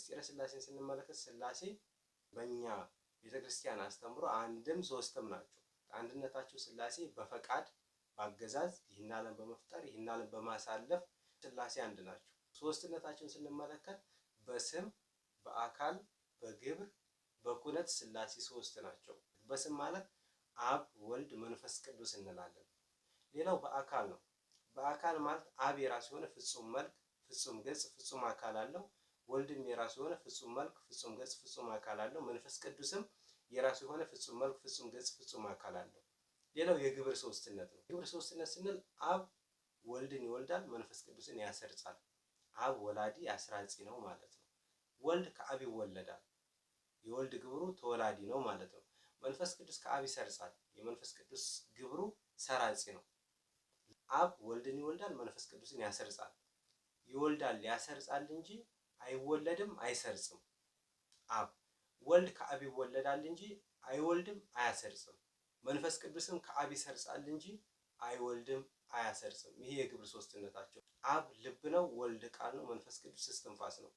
ምስጢረ ስላሴን ስንመለከት ስላሴ በእኛ ቤተክርስቲያን አስተምሮ አንድም ሶስትም ናቸው። አንድነታቸው ስላሴ በፈቃድ በአገዛዝ ይህን ዓለም በመፍጠር ይህን ዓለም በማሳለፍ ስላሴ አንድ ናቸው። ሶስትነታቸውን ስንመለከት በስም በአካል በግብር በኩነት ስላሴ ሶስት ናቸው። በስም ማለት አብ፣ ወልድ፣ መንፈስ ቅዱስ እንላለን። ሌላው በአካል ነው። በአካል ማለት አብ የራሱ የሆነ ፍጹም መልክ፣ ፍጹም ገጽ፣ ፍጹም አካል አለው። ወልድም የራሱ የሆነ ፍጹም መልክ፣ ፍጹም ገጽ፣ ፍጹም አካል አለው። መንፈስ ቅዱስም የራሱ የሆነ ፍጹም መልክ፣ ፍጹም ገጽ፣ ፍጹም አካል አለው። ሌላው የግብር ሶስትነት ነው። የግብር ሶስትነት ስንል አብ ወልድን ይወልዳል፣ መንፈስ ቅዱስን ያሰርጻል። አብ ወላዲ አስራጺ ነው ማለት ነው። ወልድ ከአብ ይወለዳል፣ የወልድ ግብሩ ተወላዲ ነው ማለት ነው። መንፈስ ቅዱስ ከአብ ይሰርጻል፣ የመንፈስ ቅዱስ ግብሩ ሰራጺ ነው። አብ ወልድን ይወልዳል፣ መንፈስ ቅዱስን ያሰርጻል። ይወልዳል ያሰርጻል እንጂ አይወለድም አይሰርጽም። አብ ወልድ ከአብ ይወለዳል እንጂ አይወልድም አያሰርጽም። መንፈስ ቅዱስም ከአብ ይሰርጻል እንጂ አይወልድም አያሰርጽም። ይሄ የግብር ሶስትነታቸው አብ ልብ ነው፣ ወልድ ቃል ነው፣ መንፈስ ቅዱስ እስትንፋስ ነው።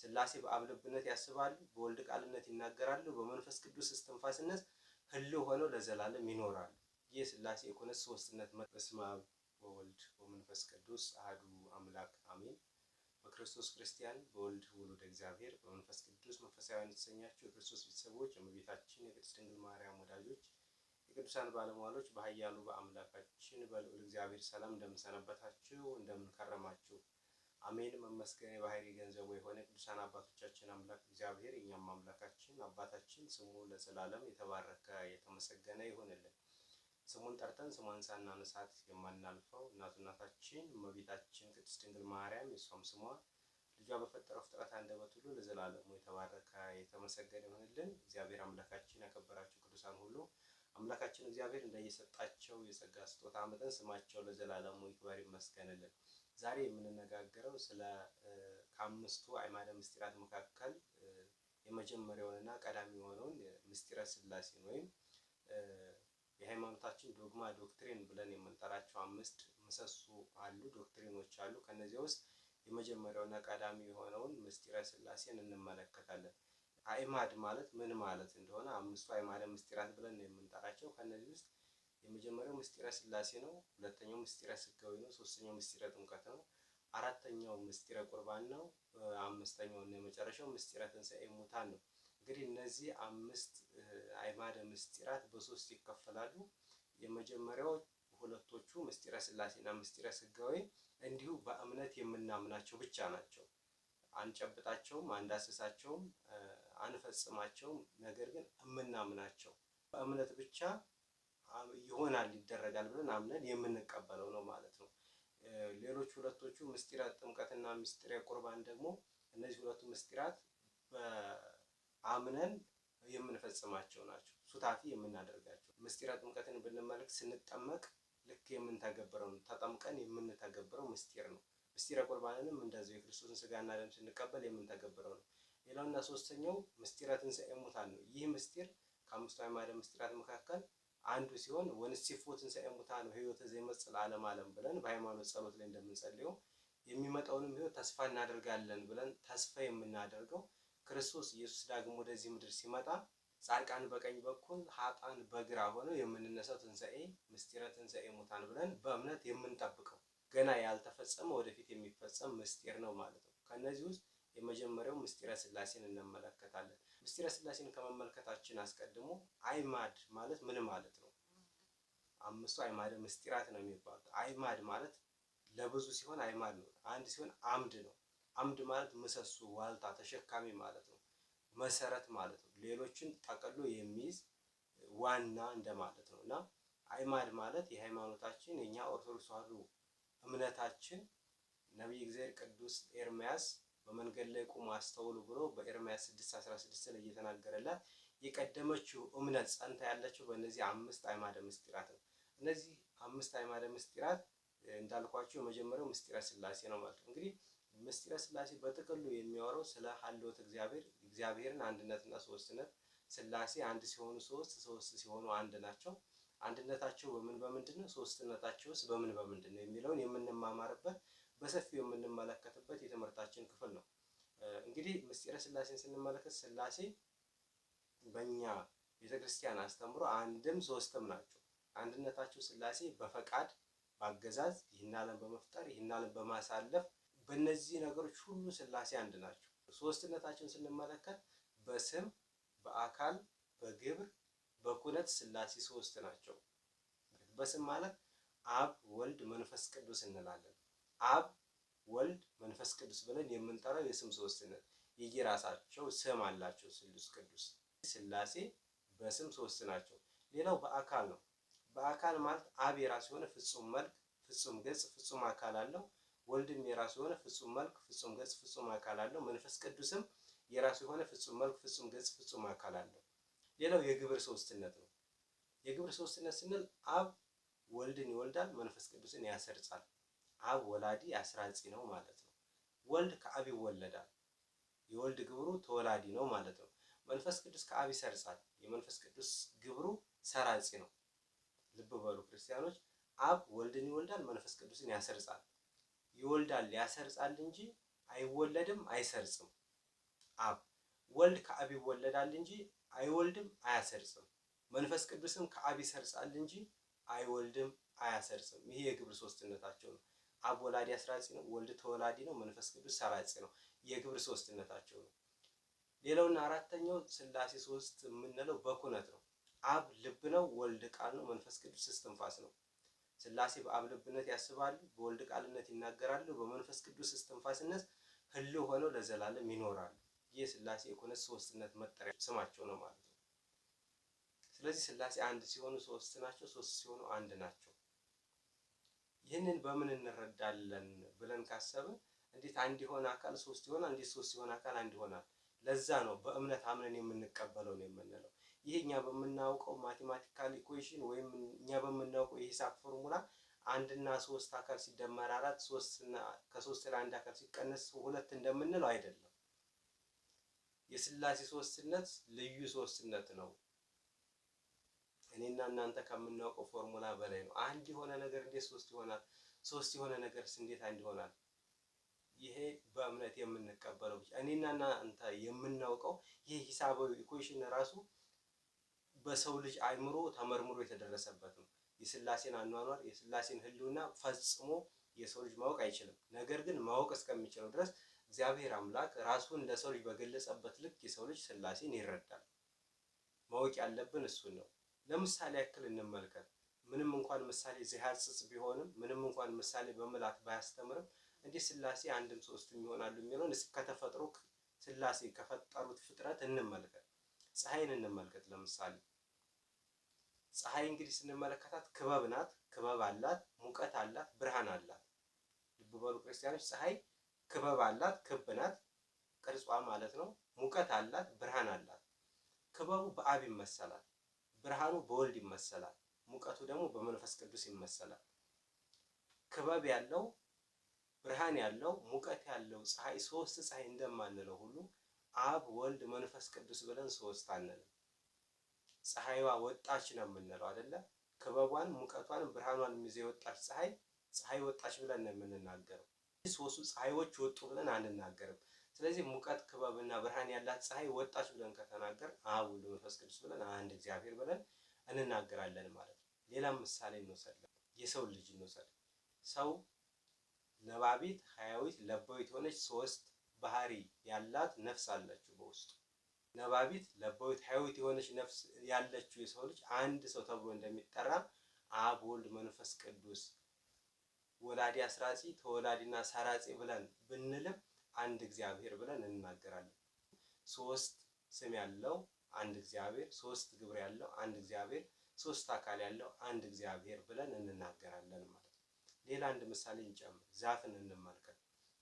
ስላሴ በአብ ልብነት ያስባሉ፣ በወልድ ቃልነት ይናገራሉ፣ በመንፈስ ቅዱስ እስትንፋስነት ህልው ሆነው ለዘላለም ይኖራሉ። ይህ ስላሴ የኮነ ሶስትነት። በስመ አብ ወወልድ ወመንፈስ ቅዱስ አህዱ አምላክ አሜን። በክርስቶስ ክርስቲያን፣ በወልድ ውሉደ እግዚአብሔር፣ በመንፈስ ቅዱስ መንፈሳዊያን የተሰኛችሁ የክርስቶስ ቤተሰቦች፣ የእመቤታችን የቅድስት ድንግል ማርያም ወዳጆች፣ የቅዱሳን ባለሟሎች በኃያሉ በአምላካችን በልዑል እግዚአብሔር ሰላም እንደምንሰነበታችሁ እንደምንከረማችሁ አሜን። መመስገን የባህሪ ገንዘቡ የሆነ ቅዱሳን አባቶቻችን አምላክ እግዚአብሔር እኛም አምላካችን አባታችን ስሙ ለዘላለም የተባረከ የተመሰገነ ይሁንልን። ስሙን ጠርተን ስሟን ሳናነሳት የማናልፈው እናቱ እናታችን እመቤታችን ቅድስት ድንግል ማርያም የእሷም ስሟ ልጇ በፈጠረው ፍጥረት አንደበት ሁሉ ለዘላለሙ የተባረከ የተመሰገነ ሆንልን እግዚአብሔር አምላካችን ያከበራቸው ቅዱሳን ሁሉ አምላካችን እግዚአብሔር እንደየሰጣቸው የጸጋ ስጦታ መጠን ስማቸው ለዘላለሙ ይክበር ይመስገንልን። ዛሬ የምንነጋገረው ስለ ከአምስቱ አዕማደ ምስጢራት መካከል የመጀመሪያውንና ቀዳሚ የሆነውን ምስጢረ ሥላሴን ወይም የሃይማኖታችን ዶግማ ዶክትሪን ብለን የምንጠራቸው አምስት ምሰሶ አሉ፣ ዶክትሪኖች አሉ። ከነዚያ ውስጥ የመጀመሪያውና ቀዳሚ የሆነውን ምስጢረ ስላሴን እንመለከታለን። አእማድ ማለት ምን ማለት እንደሆነ አምስቱ አእማደ ምስጢራት ብለን ነው የምንጠራቸው። ከነዚህ ውስጥ የመጀመሪያው ምስጢረ ስላሴ ነው። ሁለተኛው ምስጢረ ስጋዊ ነው። ሶስተኛው ምስጢረ ጥምቀት ነው። አራተኛው ምስጢረ ቁርባን ነው። አምስተኛውና የመጨረሻው ምስጢረ ትንሳኤ ሙታን ነው። እንግዲህ እነዚህ አምስት አይማደ ምስጢራት በሶስት ይከፈላሉ። የመጀመሪያው ሁለቶቹ ምስጢረ ስላሴና ምስጢረ ስጋዌ እንዲሁ በእምነት የምናምናቸው ብቻ ናቸው። አንጨብጣቸውም፣ አንዳስሳቸውም፣ አንፈጽማቸውም። ነገር ግን የምናምናቸው በእምነት ብቻ ይሆናል ይደረጋል ብለን አምነን የምንቀበለው ነው ማለት ነው። ሌሎች ሁለቶቹ ምስጢራት ጥምቀትና ምስጢረ ቁርባን ደግሞ እነዚህ ሁለቱ ምስጢራት አምነን የምንፈጽማቸው ናቸው። ሱታፊ የምናደርጋቸው ምስጢረ ጥምቀትን ብንመለክ ስንጠመቅ ልክ የምንተገብረው ነው። ተጠምቀን የምንተገብረው ምስጢር ነው። ምስጢረ ቁርባንንም እንደዚሁ የክርስቶስን ስጋና ደም ስንቀበል የምንተገብረው ነው። ሌላውና ሶስተኛው ምስጢረ ትንሣኤ ሙታን ነው። ይህ ምስጢር ከአምስቱ አዕማደ ምስጢራት መካከል አንዱ ሲሆን ወንሴፎ ትንሣኤ ሙታን ህይወተ ዘይመጽእ ለዓለም ዓለም ብለን በሃይማኖት ጸሎት ላይ እንደምንጸልየው የሚመጣውንም ህይወት ተስፋ እናደርጋለን ብለን ተስፋ የምናደርገው ክርስቶስ ኢየሱስ ዳግም ወደዚህ ምድር ሲመጣ ጻድቃን በቀኝ በኩል ሀጣን በግራ ሆነው የምንነሳው ትንሣኤ ምስጢረ ትንሣኤ ሙታን ብለን በእምነት የምንጠብቀው ገና ያልተፈጸመ ወደፊት የሚፈጸም ምስጢር ነው ማለት ነው። ከእነዚህ ውስጥ የመጀመሪያው ምስጢረ ስላሴን እንመለከታለን። ምስጢረ ስላሴን ከመመልከታችን አስቀድሞ አይማድ ማለት ምን ማለት ነው? አምስቱ አይማደ ምስጢራት ነው የሚባሉት። አይማድ ማለት ለብዙ ሲሆን አይማድ ነው፣ አንድ ሲሆን አምድ ነው። አምድ ማለት ምሰሶ፣ ዋልታ፣ ተሸካሚ ማለት ነው። መሰረት ማለት ነው። ሌሎችን ጠቅሎ የሚይዝ ዋና እንደማለት ነው እና አይማድ ማለት የሃይማኖታችን የእኛ ኦርቶዶክስ ተዋሕዶ እምነታችን ነቢይ እግዚአብሔር ቅዱስ ኤርምያስ በመንገድ ላይ ቁሙ አስተውሉ ብሎ በኤርምያስ 6:16 ላይ እየተናገረላት የቀደመችው እምነት ጸንታ ያለችው በእነዚህ አምስት አይማደ ምስጢራት ነው። እነዚህ አምስት አይማደ ምስጢራት እንዳልኳቸው የመጀመሪያው ምስጢረ ስላሴ ነው ማለት ነው እንግዲህ ምስጢረ ስላሴ በጥቅሉ የሚያወራው ስለ ሀልወት እግዚአብሔር እግዚአብሔርን አንድነትና ሶስትነት ስላሴ አንድ ሲሆኑ ሶስት ሶስት ሲሆኑ አንድ ናቸው አንድነታቸው በምን በምንድን ነው ሶስትነታቸውስ በምን በምንድን ነው የሚለውን የምንማማርበት በሰፊው የምንመለከትበት የትምህርታችን ክፍል ነው እንግዲህ ምስጢረ ስላሴን ስንመለከት ስላሴ በእኛ ቤተክርስቲያን አስተምሮ አንድም ሶስትም ናቸው አንድነታቸው ስላሴ በፈቃድ በአገዛዝ ይህን ዓለም በመፍጠር ይህን ዓለም በማሳለፍ በእነዚህ ነገሮች ሁሉ ስላሴ አንድ ናቸው። ሶስትነታቸውን ስንመለከት በስም በአካል በግብር በኩነት ስላሴ ሶስት ናቸው። በስም ማለት አብ፣ ወልድ፣ መንፈስ ቅዱስ እንላለን። አብ፣ ወልድ፣ መንፈስ ቅዱስ ብለን የምንጠራው የስም ሶስትነት የየራሳቸው ስም አላቸው። ስሉስ ቅዱስ ስላሴ በስም ሶስት ናቸው። ሌላው በአካል ነው። በአካል ማለት አብ የራሱ የሆነ ፍጹም መልክ፣ ፍጹም ገጽ፣ ፍጹም አካል አለው። ወልድም የራሱ የሆነ ፍጹም መልክ፣ ፍጹም ገጽ፣ ፍጹም አካል አለው። መንፈስ ቅዱስም የራሱ የሆነ ፍጹም መልክ፣ ፍጹም ገጽ፣ ፍጹም አካል አለው። ሌላው የግብር ሶስትነት ነው። የግብር ሶስትነት ስንል አብ ወልድን ይወልዳል፣ መንፈስ ቅዱስን ያሰርጻል። አብ ወላዲ አስራጺ ነው ማለት ነው። ወልድ ከአብ ይወለዳል፣ የወልድ ግብሩ ተወላዲ ነው ማለት ነው። መንፈስ ቅዱስ ከአብ ይሰርጻል፣ የመንፈስ ቅዱስ ግብሩ ሰራጺ ነው። ልብ በሉ ክርስቲያኖች፣ አብ ወልድን ይወልዳል፣ መንፈስ ቅዱስን ያሰርጻል። ይወልዳል ያሰርጻል እንጂ አይወለድም አይሰርጽም። አብ ወልድ ከአብ ይወለዳል እንጂ አይወልድም አያሰርጽም። መንፈስ ቅዱስም ከአብ ይሰርጻል እንጂ አይወልድም አያሰርጽም። ይሄ የግብር ሶስትነታቸው ነው። አብ ወላዲ አስራጺ ነው። ወልድ ተወላዲ ነው። መንፈስ ቅዱስ ሰራጺ ነው። የግብር ሶስትነታቸው ነው። ሌላውና አራተኛው ስላሴ ሶስት የምንለው በኩነት ነው። አብ ልብ ነው። ወልድ ቃል ነው። መንፈስ ቅዱስ እስትንፋስ ነው። ስላሴ በአብ ልብነት ያስባሉ፣ በወልድ ቃልነት ይናገራሉ፣ በመንፈስ ቅዱስ እስትንፋስነት ህልው ሆነው ለዘላለም ይኖራሉ። ይህ ስላሴ የኮነ ሶስትነት መጠሪያ ስማቸው ነው ማለት ነው። ስለዚህ ስላሴ አንድ ሲሆኑ ሶስት ናቸው፣ ሶስት ሲሆኑ አንድ ናቸው። ይህንን በምን እንረዳለን ብለን ካሰብን እንዴት አንድ የሆነ አካል ሶስት ይሆናል? እንዴት ሶስት የሆነ አካል አንድ ይሆናል? ለዛ ነው በእምነት አምነን የምንቀበለው ነው የምንለው ይሄ እኛ በምናውቀው ማቴማቲካል ኢኩዌሽን ወይም እኛ በምናውቀው የሂሳብ ፎርሙላ አንድ እና ሶስት አካል ሲደመር አራት ሶስት እና ከሶስት ለአንድ አካል ሲቀነስ ሁለት እንደምንለው አይደለም። የስላሴ ሶስትነት ልዩ ሶስትነት ነው። እኔና እናንተ ከምናውቀው ፎርሙላ በላይ ነው። አንድ የሆነ ነገር እንዴት ሶስት ይሆናል? ሶስት የሆነ ነገርስ እንዴት አንድ ይሆናል? ይሄ በእምነት የምንቀበለው እኔና እናንተ የምናውቀው ይሄ ሂሳባዊ ኢኩዌሽን ራሱ በሰው ልጅ አይምሮ ተመርምሮ የተደረሰበት ነው። የስላሴን አኗኗር የስላሴን ህልውና ፈጽሞ የሰው ልጅ ማወቅ አይችልም። ነገር ግን ማወቅ እስከሚችለው ድረስ እግዚአብሔር አምላክ ራሱን ለሰው ልጅ በገለጸበት ልክ የሰው ልጅ ስላሴን ይረዳል። ማወቅ ያለብን እሱን ነው። ለምሳሌ ያክል እንመልከት። ምንም እንኳን ምሳሌ ዘያጽጽ ቢሆንም ምንም እንኳን ምሳሌ በምላት ባያስተምርም እንዴት ስላሴ አንድም ሶስትም ይሆናሉ የሚለውን ከተፈጥሮ ስላሴ ከፈጠሩት ፍጥረት እንመልከት። ፀሐይን እንመልከት ለምሳሌ ፀሐይ እንግዲህ ስንመለከታት ክበብ ናት። ክበብ አላት፣ ሙቀት አላት፣ ብርሃን አላት። ልብ በሉ ክርስቲያኖች፣ ፀሐይ ክበብ አላት፣ ክብ ናት፣ ቅርጿ ማለት ነው። ሙቀት አላት፣ ብርሃን አላት። ክበቡ በአብ ይመሰላል፣ ብርሃኑ በወልድ ይመሰላል፣ ሙቀቱ ደግሞ በመንፈስ ቅዱስ ይመሰላል። ክበብ ያለው ብርሃን ያለው ሙቀት ያለው ፀሐይ ሶስት ፀሐይ እንደማንለው ሁሉ አብ፣ ወልድ፣ መንፈስ ቅዱስ ብለን ሶስት አንልም። ፀሐይዋ ወጣች ነው የምንለው አይደለ? ክበቧን፣ ሙቀቷን፣ ብርሃኗን የሚዜ የወጣች ፀሐይ ፀሐይ ወጣች ብለን ነው የምንናገረው። ሶስቱ ፀሐዮች ወጡ ብለን አንናገርም። ስለዚህ ሙቀት፣ ክበብና ብርሃን ያላት ፀሐይ ወጣች ብለን ከተናገር አብ፣ ወልድ፣ መንፈስ ቅዱስ ብለን አንድ እግዚአብሔር ብለን እንናገራለን ማለት ነው። ሌላም ምሳሌ እንወሰድ፣ የሰው ልጅ እንወሰድ። ሰው ነባቢት፣ ሀያዊት፣ ለባዊት የሆነች ሶስት ባህሪ ያላት ነፍስ አለችው በውስጡ ነባቢት ለባዊት ሐይዊት የሆነች ነፍስ ያለችው የሰው ልጅ አንድ ሰው ተብሎ እንደሚጠራ አብ ወልድ መንፈስ ቅዱስ ወላዲ አስራጺ ተወላዲና ሰራጺ ብለን ብንልም አንድ እግዚአብሔር ብለን እንናገራለን። ሶስት ስም ያለው አንድ እግዚአብሔር፣ ሶስት ግብር ያለው አንድ እግዚአብሔር፣ ሶስት አካል ያለው አንድ እግዚአብሔር ብለን እንናገራለን ማለት ነው። ሌላ አንድ ምሳሌ እንጨምር። ዛፍን እንመልከት።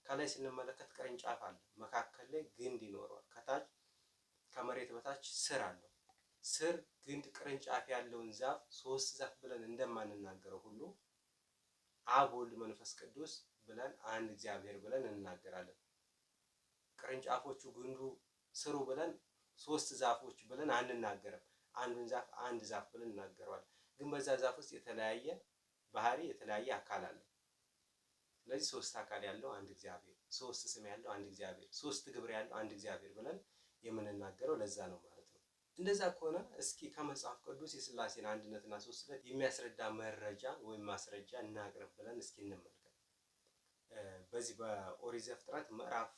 ከላይ ስንመለከት ቅርንጫፍ አለ፣ መካከል ላይ ግንድ ይኖረዋል፣ ከታች ከመሬት በታች ስር አለው። ስር ግንድ፣ ቅርንጫፍ ያለውን ዛፍ ሶስት ዛፍ ብለን እንደማንናገረው ሁሉ አብ፣ ወልድ፣ መንፈስ ቅዱስ ብለን አንድ እግዚአብሔር ብለን እንናገራለን። ቅርንጫፎቹ፣ ግንዱ፣ ስሩ ብለን ሶስት ዛፎች ብለን አንናገርም። አንዱን ዛፍ አንድ ዛፍ ብለን እናገረዋለን። ግን በዛ ዛፍ ውስጥ የተለያየ ባህሪ የተለያየ አካል አለ። ስለዚህ ሶስት አካል ያለው አንድ እግዚአብሔር፣ ሶስት ስም ያለው አንድ እግዚአብሔር፣ ሶስት ግብር ያለው አንድ እግዚአብሔር ብለን የምንናገረው ለዛ ነው ማለት ነው። እንደዛ ከሆነ እስኪ ከመጽሐፍ ቅዱስ የሥላሴን አንድነትና ሦስትነት የሚያስረዳ መረጃ ወይም ማስረጃ እናቅርብ ብለን እስኪ እንመልከት። በዚህ በኦሪት ዘፍጥረት ምዕራፍ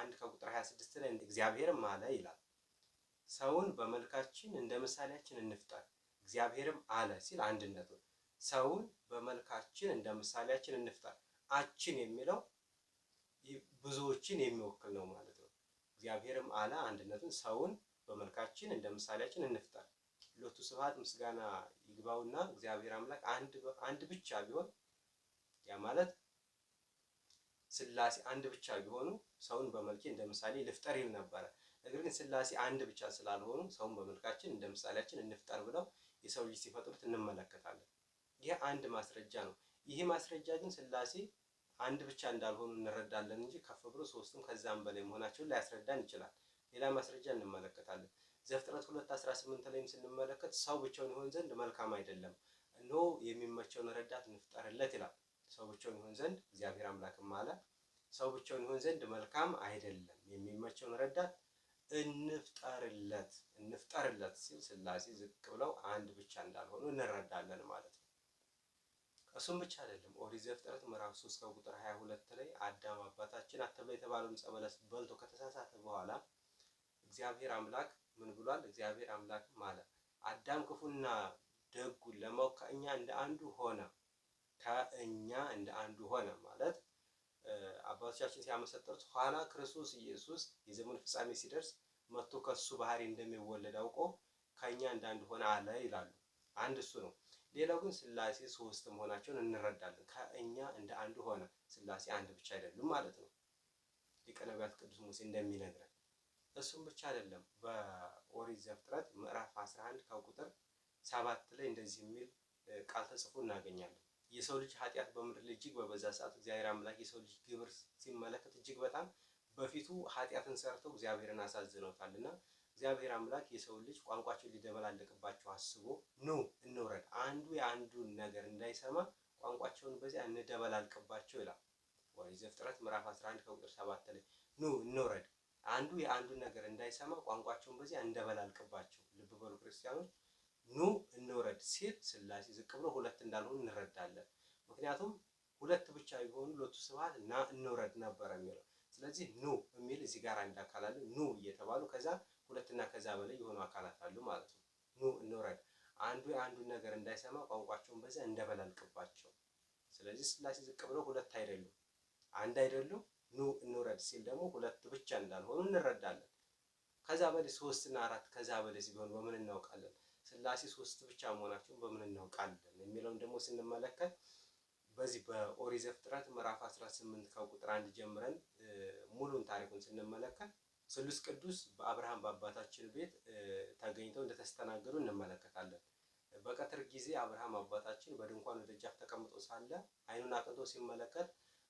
አንድ ከቁጥር 26 ላይ እግዚአብሔርም አለ ይላል ሰውን በመልካችን እንደ ምሳሌያችን እንፍጠር እግዚአብሔርም አለ ሲል አንድነቱ ሰውን በመልካችን እንደ ምሳሌያችን እንፍጠር አችን የሚለው ብዙዎችን የሚወክል ነው ማለት እግዚአብሔርም አለ አንድነትን ሰውን በመልካችን እንደ ምሳሌያችን እንፍጠር ሎቱ ስብሐት ምስጋና ይግባውና እግዚአብሔር አምላክ አንድ ብቻ ቢሆን ያ ማለት ስላሴ አንድ ብቻ ቢሆኑ ሰውን በመልኬ እንደ ምሳሌ ልፍጠር ይል ነበረ። ነገር ግን ስላሴ አንድ ብቻ ስላልሆኑ ሰውን በመልካችን እንደ ምሳሌያችን እንፍጠር ብለው የሰው ልጅ ሲፈጥሩት እንመለከታለን። ይህ አንድ ማስረጃ ነው። ይህ ማስረጃ ግን ስላሴ አንድ ብቻ እንዳልሆኑ እንረዳለን እንጂ ከፍ ብሎ ሶስትም ከዛም በላይ መሆናቸውን ሊያስረዳን ይችላል። ሌላ ማስረጃ እንመለከታለን። ዘፍጥረት ሁለት አስራ ስምንት ላይም ስንመለከት ሰው ብቻውን ይሆን ዘንድ መልካም አይደለም፣ እነሆ የሚመቸውን ረዳት እንፍጠርለት ይላል። ሰው ብቻውን ይሆን ዘንድ እግዚአብሔር አምላክም አለ ሰው ብቻውን ይሆን ዘንድ መልካም አይደለም፣ የሚመቸውን ረዳት እንፍጠርለት እንፍጠርለት ሲል ስላሴ ዝቅ ብለው አንድ ብቻ እንዳልሆኑ እንረዳለን ማለት ነው። እሱም ብቻ አይደለም። ኦሪት ዘፍጥረት ምዕራፍ 3 ከቁጥር 22 ላይ አዳም አባታችን አትብላ የተባለውን ዕፀ በለስ በልቶ ከተሳሳተ በኋላ እግዚአብሔር አምላክ ምን ብሏል? እግዚአብሔር አምላክ ማለ አዳም ክፉና ደጉን ለማወቅ ከእኛ እንደ አንዱ ሆነ። ከእኛ እንደ አንዱ ሆነ ማለት አባቶቻችን ሲያመሰጠሩት ኋላ ክርስቶስ ኢየሱስ የዘመኑ ፍጻሜ ሲደርስ መጥቶ ከሱ ባህሪ እንደሚወለድ አውቆ ከእኛ እንደ አንዱ ሆነ አለ ይላሉ። አንድ እሱ ነው። ሌላው ግን ስላሴ ሶስት መሆናቸውን እንረዳለን። ከእኛ እንደ አንዱ ሆነ ስላሴ አንድ ብቻ አይደሉም ማለት ነው። ሊቀ ነቢያት ቅዱስ ሙሴ እንደሚነግረን እሱም ብቻ አይደለም። በኦሪት ዘፍጥረት ምዕራፍ 11 ከቁጥር ሰባት ላይ እንደዚህ የሚል ቃል ተጽፎ እናገኛለን። የሰው ልጅ ኃጢአት በምድር ላይ እጅግ በበዛ ሰዓት እግዚአብሔር አምላክ የሰው ልጅ ግብር ሲመለከት እጅግ በጣም በፊቱ ኃጢአትን ሰርተው እግዚአብሔርን እና እግዚአብሔር አምላክ የሰው ልጅ ቋንቋቸውን ሊደበላለቅባቸው አስቦ ኑ እንውረድ፣ አንዱ የአንዱን ነገር እንዳይሰማ ቋንቋቸውን በዚያ እንደበላልቅባቸው ይላል። ኦሪት ዘፍጥረት ምዕራፍ 11 ከቁጥር 7 ላይ ኑ እንውረድ፣ አንዱ የአንዱን ነገር እንዳይሰማ ቋንቋቸውን በዚያ እንደበላልቅባቸው። ልብ በሉ ክርስቲያኖች፣ ኑ እንውረድ ሲል ሥላሴ ዝቅ ብሎ ሁለት እንዳልሆኑ እንረዳለን። ምክንያቱም ሁለት ብቻ ቢሆኑ ሎቱ ስብሐት ና እንውረድ ነበረ የሚለው። ስለዚህ ኑ የሚል እዚህ ጋር አንድ አካል አለ። ኑ እየተባሉ ከዛ ሁለትና ከዛ በላይ የሆኑ አካላት አሉ ማለት ነው። ኑ እንውረድ፣ አንዱ የአንዱን ነገር እንዳይሰማ ቋንቋቸውን በዛ እንደበላልቅባቸው። ስለዚህ ስላሴ ዝቅ ብለው ሁለት አይደሉም፣ አንድ አይደሉም። ኑ እንውረድ ሲል ደግሞ ሁለት ብቻ እንዳልሆኑ እንረዳለን። ከዛ በላይ ሶስትና አራት ከዛ በላይ ሲሆን በምን እናውቃለን? ስላሴ ሶስት ብቻ መሆናቸውን በምን እናውቃለን? የሚለውን ደግሞ ስንመለከት በዚህ በኦሪት ዘፍጥረት ምዕራፍ 18 ከቁጥር አንድ ጀምረን ሙሉን ታሪኩን ስንመለከት ስሉስ ቅዱስ በአብርሃም በአባታችን ቤት ተገኝተው እንደተስተናገዱ እንመለከታለን። በቀትር ጊዜ አብርሃም አባታችን በድንኳኑ ደጃፍ ተቀምጦ ሳለ ዓይኑን አቅንቶ ሲመለከት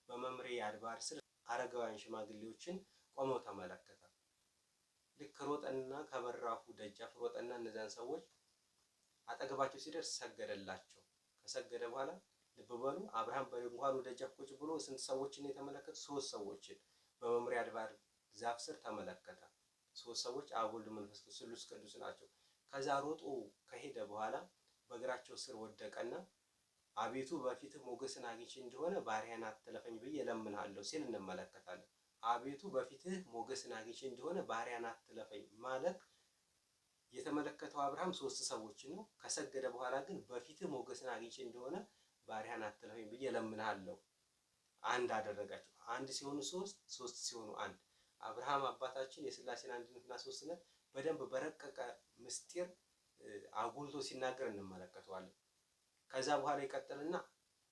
በመምሬ አድባር ስር አረጋውያን ሽማግሌዎችን ቆመው ተመለከተ። ልክ ሮጠና ከበራፉ ደጃፍ ሮጠና እነዚያን ሰዎች አጠገባቸው ሲደርስ ሰገደላቸው። ከሰገደ በኋላ ልብ በሉ አብርሃም በድንኳኑ ደጃፍ ቁጭ ብሎ ስንት ሰዎችን የተመለከቱ? ሶስት ሰዎችን በመምሪያ አድባር ዛፍ ስር ተመለከተ። ሶስት ሰዎች አብ፣ ወልድ፣ መንፈስ ቅዱስ ቅዱስ ናቸው። ከዛ ሮጦ ከሄደ በኋላ በእግራቸው ስር ወደቀና አቤቱ በፊት ሞገስን አግኝቼ እንደሆነ ባሪያን አትለፈኝ ብዬ እለምንሃለሁ ሲል እንመለከታለን። አቤቱ በፊትህ ሞገስን አግኝቼ እንደሆነ ባሪያን አትለፈኝ ማለት የተመለከተው አብርሃም ሶስት ሰዎች ነው። ከሰገደ በኋላ ግን በፊትህ ሞገስን አግኝቼ እንደሆነ ባሪያን አትለፈኝ ብዬ እለምንሃለሁ። አንድ አደረጋቸው። አንድ ሲሆኑ ሶስት ሶስት ሲሆኑ አንድ አብርሃም አባታችን የስላሴን አንድነትና ሶስትነት በደንብ በረቀቀ ምስጢር አጉልቶ ሲናገር እንመለከተዋለን። ከዛ በኋላ ይቀጥልና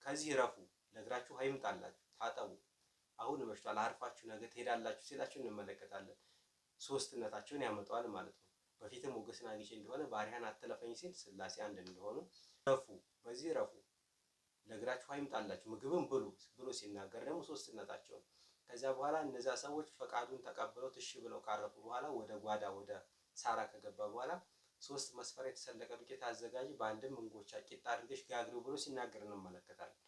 ከዚህ ረፉ፣ ነግራችሁ አይምጣላችሁ፣ ታጠቡ፣ አሁን መሽቷል፣ አርፋችሁ ነገ ትሄዳላችሁ ሲላችሁ እንመለከታለን። ሶስትነታቸውን ያመጣዋል ማለት ነው። በፊትም ሞገስን አግኝቼ እንደሆነ ባሪያን አትለፈኝ ሲል ስላሴ አንድ እንደሆኑ ረፉ፣ በዚህ ረፉ፣ ነግራችሁ አይምጣላችሁ፣ ምግብም ብሉ ብሎ ሲናገር ደግሞ ሶስትነታቸውን ከዚያ በኋላ እነዚያ ሰዎች ፈቃዱን ተቀብለው ትሽ ብለው ካረፉ በኋላ ወደ ጓዳ ወደ ሳራ ከገባ በኋላ ሶስት መስፈር የተሰለቀ ዱቄት አዘጋጅ፣ በአንድም እንጎቻ ቂጣ አድርገሽ ጋግሪው ብሎ ሲናገር እንመለከታለን።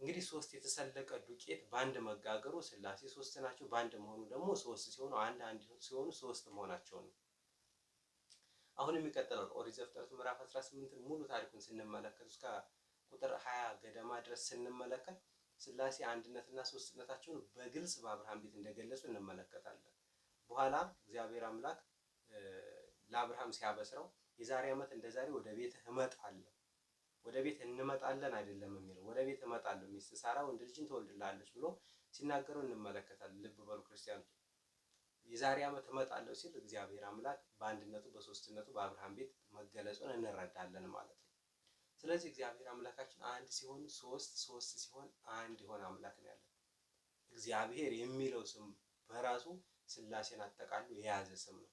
እንግዲህ ሶስት የተሰለቀ ዱቄት በአንድ መጋገሩ ስላሴ ሶስት ናቸው። በአንድ መሆኑ ደግሞ ሶስት ሲሆኑ አንድ አንድ ሲሆኑ ሶስት መሆናቸው ነው። አሁን የሚቀጥለው ኦሪት ዘፍጥረት ምዕራፍ 18 ሙሉ ታሪኩን ስንመለከት እስከ ቁጥር ሀያ ገደማ ድረስ ስንመለከት ስላሴ አንድነትና ሶስትነታቸውን በግልጽ በአብርሃም ቤት እንደገለጹ እንመለከታለን። በኋላ እግዚአብሔር አምላክ ለአብርሃም ሲያበስረው የዛሬ ዓመት እንደ ዛሬ ወደ ቤት እመጣለሁ፣ ወደ ቤት እንመጣለን አይደለም የሚለው ወደ ቤት እመጣለሁ፣ ሚስት ሳራ ወንድ ልጅን ትወልድልሃለች ብሎ ሲናገረው እንመለከታለን። ልብ በሉ ክርስቲያኖች፣ የዛሬ ዓመት እመጣለሁ ሲል እግዚአብሔር አምላክ በአንድነቱ በሶስትነቱ በአብርሃም ቤት መገለጹን እንረዳለን ማለት ነው። ስለዚህ እግዚአብሔር አምላካችን አንድ ሲሆን ሶስት ሶስት ሲሆን አንድ የሆነ አምላክ ነው ያለው። እግዚአብሔር የሚለው ስም በራሱ ስላሴን አጠቃሉ የያዘ ስም ነው።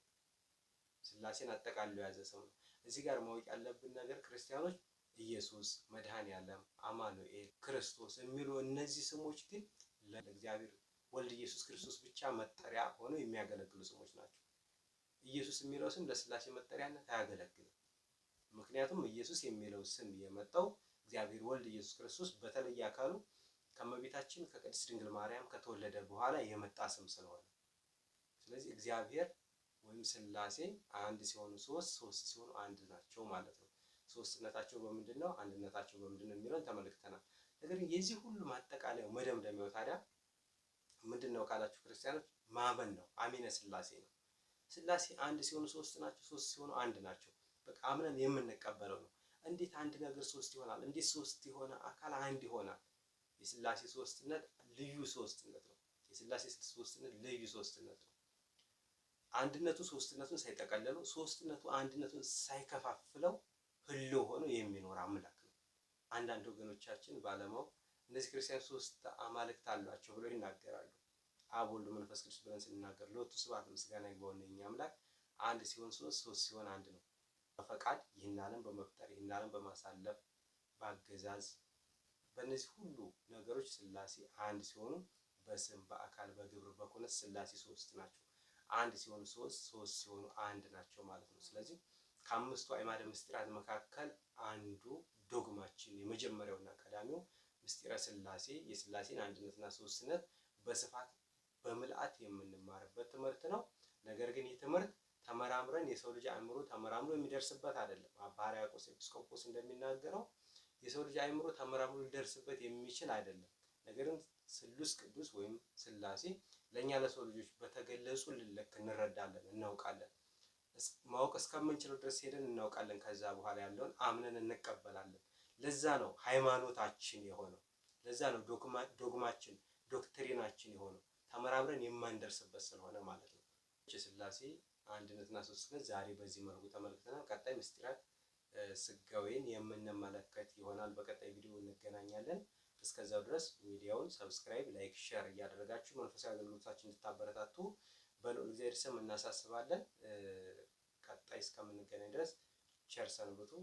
ስላሴን አጠቃሎ የያዘ ስም ነው። እዚህ ጋር ማወቅ ያለብን ነገር ክርስቲያኖች ኢየሱስ፣ መድሃን ዓለም፣ አማኑኤል፣ ክርስቶስ የሚሉ እነዚህ ስሞች ግን ለእግዚአብሔር ወልድ ኢየሱስ ክርስቶስ ብቻ መጠሪያ ሆነው የሚያገለግሉ ስሞች ናቸው። ኢየሱስ የሚለው ስም ለስላሴ መጠሪያነት አያገለግልም። ምክንያቱም ኢየሱስ የሚለው ስም የመጣው እግዚአብሔር ወልድ ኢየሱስ ክርስቶስ በተለየ አካሉ ከመቤታችን ከቅድስት ድንግል ማርያም ከተወለደ በኋላ የመጣ ስም ስለሆነ፣ ስለዚህ እግዚአብሔር ወይም ስላሴ አንድ ሲሆኑ ሶስት፣ ሶስት ሲሆኑ አንድ ናቸው ማለት ነው። ሶስትነታቸው በምንድን ነው? አንድነታቸው በምንድን ነው የሚለውን ተመልክተናል። ነገር ግን የዚህ ሁሉ ማጠቃለያው መደምደሚያው ታዲያ ምንድን ነው ካላችሁ ክርስቲያኖች ማመን ነው። አሚነ ስላሴ ነው። ስላሴ አንድ ሲሆኑ ሶስት ናቸው፣ ሶስት ሲሆኑ አንድ ናቸው። በቃ አምነን የምንቀበለው ነው። እንዴት አንድ ነገር ሶስት ይሆናል? እንዴት ሶስት የሆነ አካል አንድ ይሆናል? የስላሴ ሶስትነት ልዩ ሶስትነት ነው። የስላሴ ሶስትነት ልዩ ሶስትነት ነው። አንድነቱ ሶስትነቱን ሳይጠቀለለው፣ ሶስትነቱ አንድነቱን ሳይከፋፍለው ህልው ሆኖ የሚኖር አምላክ ነው። አንዳንድ ወገኖቻችን ባለማወቅ እነዚህ ክርስቲያን ሶስት አማልክት አሏቸው ብለው ይናገራሉ። አብ ወልድ መንፈስ ቅዱስ ብለን ስንናገር ለወቱ ስብሐት ምስጋና ይግባውና የእኛ አምላክ አንድ ሲሆን ሶስት ሶስት ሲሆን አንድ ነው። በፈቃድ ይህን ዓለም በመፍጠር ይህን ዓለም በማሳለፍ በአገዛዝ በእነዚህ ሁሉ ነገሮች ስላሴ አንድ ሲሆኑ በስም በአካል በግብር በኩነት ስላሴ ሶስት ናቸው። አንድ ሲሆኑ ሶስት ሶስት ሲሆኑ አንድ ናቸው ማለት ነው። ስለዚህ ከአምስቱ አይማደ ምስጢራት መካከል አንዱ ዶግማችን የመጀመሪያውና ቀዳሚው ምስጢረ ስላሴ የስላሴን አንድነትና ሶስትነት በስፋት በምልአት የምንማርበት ትምህርት ነው። ነገር ግን ይህ ትምህርት ተመራምረን የሰው ልጅ አእምሮ ተመራምሮ የሚደርስበት አይደለም። አባ ሕርያቆስ ኤጲስቆጶስ እንደሚናገረው የሰው ልጅ አእምሮ ተመራምሮ ሊደርስበት የሚችል አይደለም። ነገርም ስሉስ ቅዱስ ወይም ስላሴ ለእኛ ለሰው ልጆች በተገለጹ ልለክ እንረዳለን፣ እናውቃለን። ማወቅ እስከምንችለው ድረስ ሄደን እናውቃለን። ከዛ በኋላ ያለውን አምነን እንቀበላለን። ለዛ ነው ሃይማኖታችን የሆነው። ለዛ ነው ዶግማችን፣ ዶክትሪናችን የሆነው ተመራምረን የማንደርስበት ስለሆነ ማለት ነው። ስላሴ አንድነትና ሶስትነት ዛሬ በዚህ መልኩ ተመልክተናል። ቀጣይ ምስጢራት ስጋዌን የምንመለከት ይሆናል። በቀጣይ ቪዲዮ እንገናኛለን። እስከዛው ድረስ ሚዲያውን ሰብስክራይብ፣ ላይክ፣ ሼር እያደረጋችሁ መንፈሳዊ አገልግሎታችን እንድታበረታቱ በልዑል እግዚአብሔር ስም እናሳስባለን። ቀጣይ እስከምንገናኝ ድረስ ቸር ሰንብቱ።